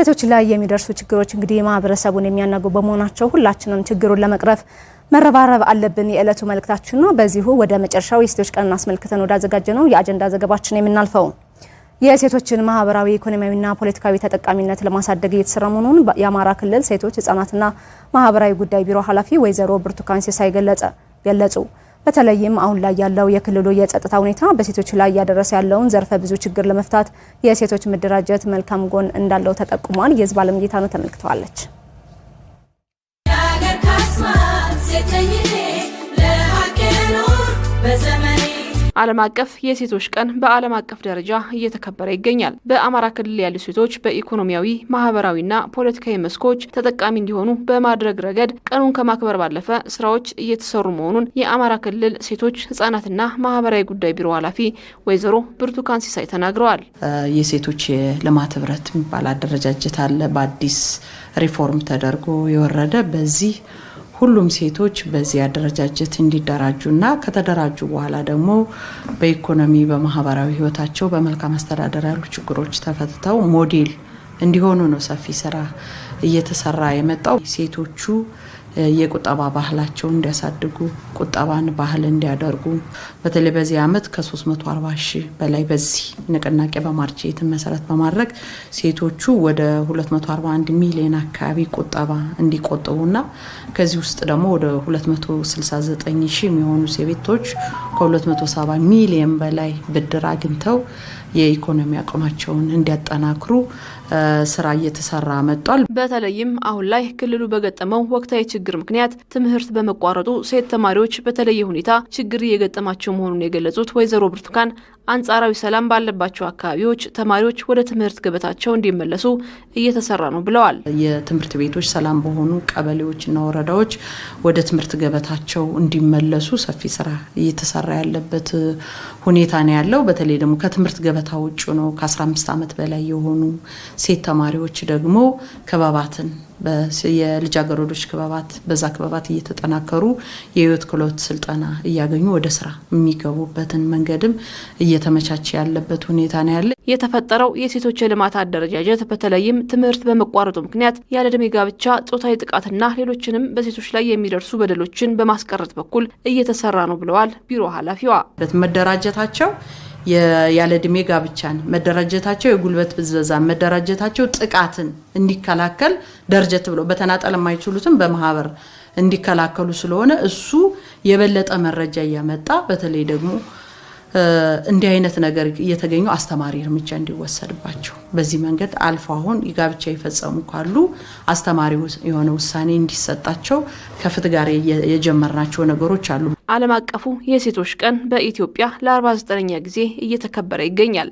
ሴቶች ላይ የሚደርሱ ችግሮች እንግዲህ ማህበረሰቡን የሚያናጉ በመሆናቸው ሁላችንም ችግሩን ለመቅረፍ መረባረብ አለብን የዕለቱ መልእክታችን ነው። በዚሁ ወደ መጨረሻው የሴቶች ቀንን አስመልክተን ወዳዘጋጀ ነው የአጀንዳ ዘገባችን የምናልፈው የሴቶችን ማህበራዊ ኢኮኖሚያዊና ፖለቲካዊ ተጠቃሚነት ለማሳደግ እየተሰራ መሆኑን የአማራ ክልል ሴቶች ህጻናትና ማህበራዊ ጉዳይ ቢሮ ኃላፊ ወይዘሮ ብርቱካን ሲሳይ ገለጹ። በተለይም አሁን ላይ ያለው የክልሉ የጸጥታ ሁኔታ በሴቶች ላይ እያደረሰ ያለውን ዘርፈ ብዙ ችግር ለመፍታት የሴቶች መደራጀት መልካም ጎን እንዳለው ተጠቁሟል። የህዝብ አለምጌታ ነው ተመልክተዋለች። ዓለም አቀፍ የሴቶች ቀን በዓለም አቀፍ ደረጃ እየተከበረ ይገኛል። በአማራ ክልል ያሉ ሴቶች በኢኮኖሚያዊ ማህበራዊና ፖለቲካዊ መስኮች ተጠቃሚ እንዲሆኑ በማድረግ ረገድ ቀኑን ከማክበር ባለፈ ስራዎች እየተሰሩ መሆኑን የአማራ ክልል ሴቶች ህጻናትና ማህበራዊ ጉዳይ ቢሮ ኃላፊ ወይዘሮ ብርቱካን ሲሳይ ተናግረዋል። የሴቶች የልማት ህብረት የሚባል አደረጃጀት አለ። በአዲስ ሪፎርም ተደርጎ የወረደ በዚህ ሁሉም ሴቶች በዚህ አደረጃጀት እንዲደራጁና ከተደራጁ በኋላ ደግሞ በኢኮኖሚ በማህበራዊ ህይወታቸው በመልካም አስተዳደር ያሉ ችግሮች ተፈትተው ሞዴል እንዲሆኑ ነው ሰፊ ስራ እየተሰራ የመጣው ሴቶቹ የቁጠባ ባህላቸውን እንዲያሳድጉ ቁጠባን ባህል እንዲያደርጉ በተለይ በዚህ ዓመት ከ340 ሺህ በላይ በዚህ ንቅናቄ በማርቼትን መሰረት በማድረግ ሴቶቹ ወደ 241 ሚሊዮን አካባቢ ቁጠባ እንዲቆጥቡና ከዚህ ውስጥ ደግሞ ወደ 269 ሺህ የሚሆኑ ሴቤቶች ከ270 ሚሊዮን በላይ ብድር አግኝተው የኢኮኖሚ አቅማቸውን እንዲያጠናክሩ ስራ እየተሰራ መጥቷል። በተለይም አሁን ላይ ክልሉ በገጠመው ወቅታዊ ችግር ምክንያት ትምህርት በመቋረጡ ሴት ተማሪዎች በተለየ ሁኔታ ችግር እየገጠማቸው መሆኑን የገለጹት ወይዘሮ ብርቱካን አንጻራዊ ሰላም ባለባቸው አካባቢዎች ተማሪዎች ወደ ትምህርት ገበታቸው እንዲመለሱ እየተሰራ ነው ብለዋል። የትምህርት ቤቶች ሰላም በሆኑ ቀበሌዎችና ወረዳዎች ወደ ትምህርት ገበታቸው እንዲመለሱ ሰፊ ስራ እየተሰራ ያለበት ሁኔታ ነው ያለው። በተለይ ደግሞ ከትምህርት ገበታ ውጭ ነው ከ15 ዓመት በላይ የሆኑ ሴት ተማሪዎች ደግሞ ከባባትን የልጃገረዶች ክበባት በዛ ክበባት እየተጠናከሩ የህይወት ክህሎት ስልጠና እያገኙ ወደ ስራ የሚገቡበትን መንገድም እየተመቻቸ ያለበት ሁኔታ ነው ያለ። የተፈጠረው የሴቶች የልማት አደረጃጀት በተለይም ትምህርት በመቋረጡ ምክንያት ያለ ጋብቻ፣ ጾታዊ ጥቃትና ሌሎችንም በሴቶች ላይ የሚደርሱ በደሎችን በማስቀረት በኩል እየተሰራ ነው ብለዋል ቢሮ ኃላፊዋ መደራጀታቸው ያለ እድሜ ጋብቻን መደራጀታቸው የጉልበት ብዝበዛን መደራጀታቸው ጥቃትን እንዲከላከል ደርጀት ብሎ በተናጠል የማይችሉትም በማህበር እንዲከላከሉ ስለሆነ እሱ የበለጠ መረጃ እያመጣ በተለይ ደግሞ እንዲህ አይነት ነገር እየተገኙ አስተማሪ እርምጃ እንዲወሰድባቸው በዚህ መንገድ አልፎ አሁን የጋብቻ የፈጸሙ ካሉ አስተማሪ የሆነ ውሳኔ እንዲሰጣቸው ከፍትህ ጋር የጀመርናቸው ነገሮች አሉ። ዓለም አቀፉ የሴቶች ቀን በኢትዮጵያ ለ49ኛ ጊዜ እየተከበረ ይገኛል።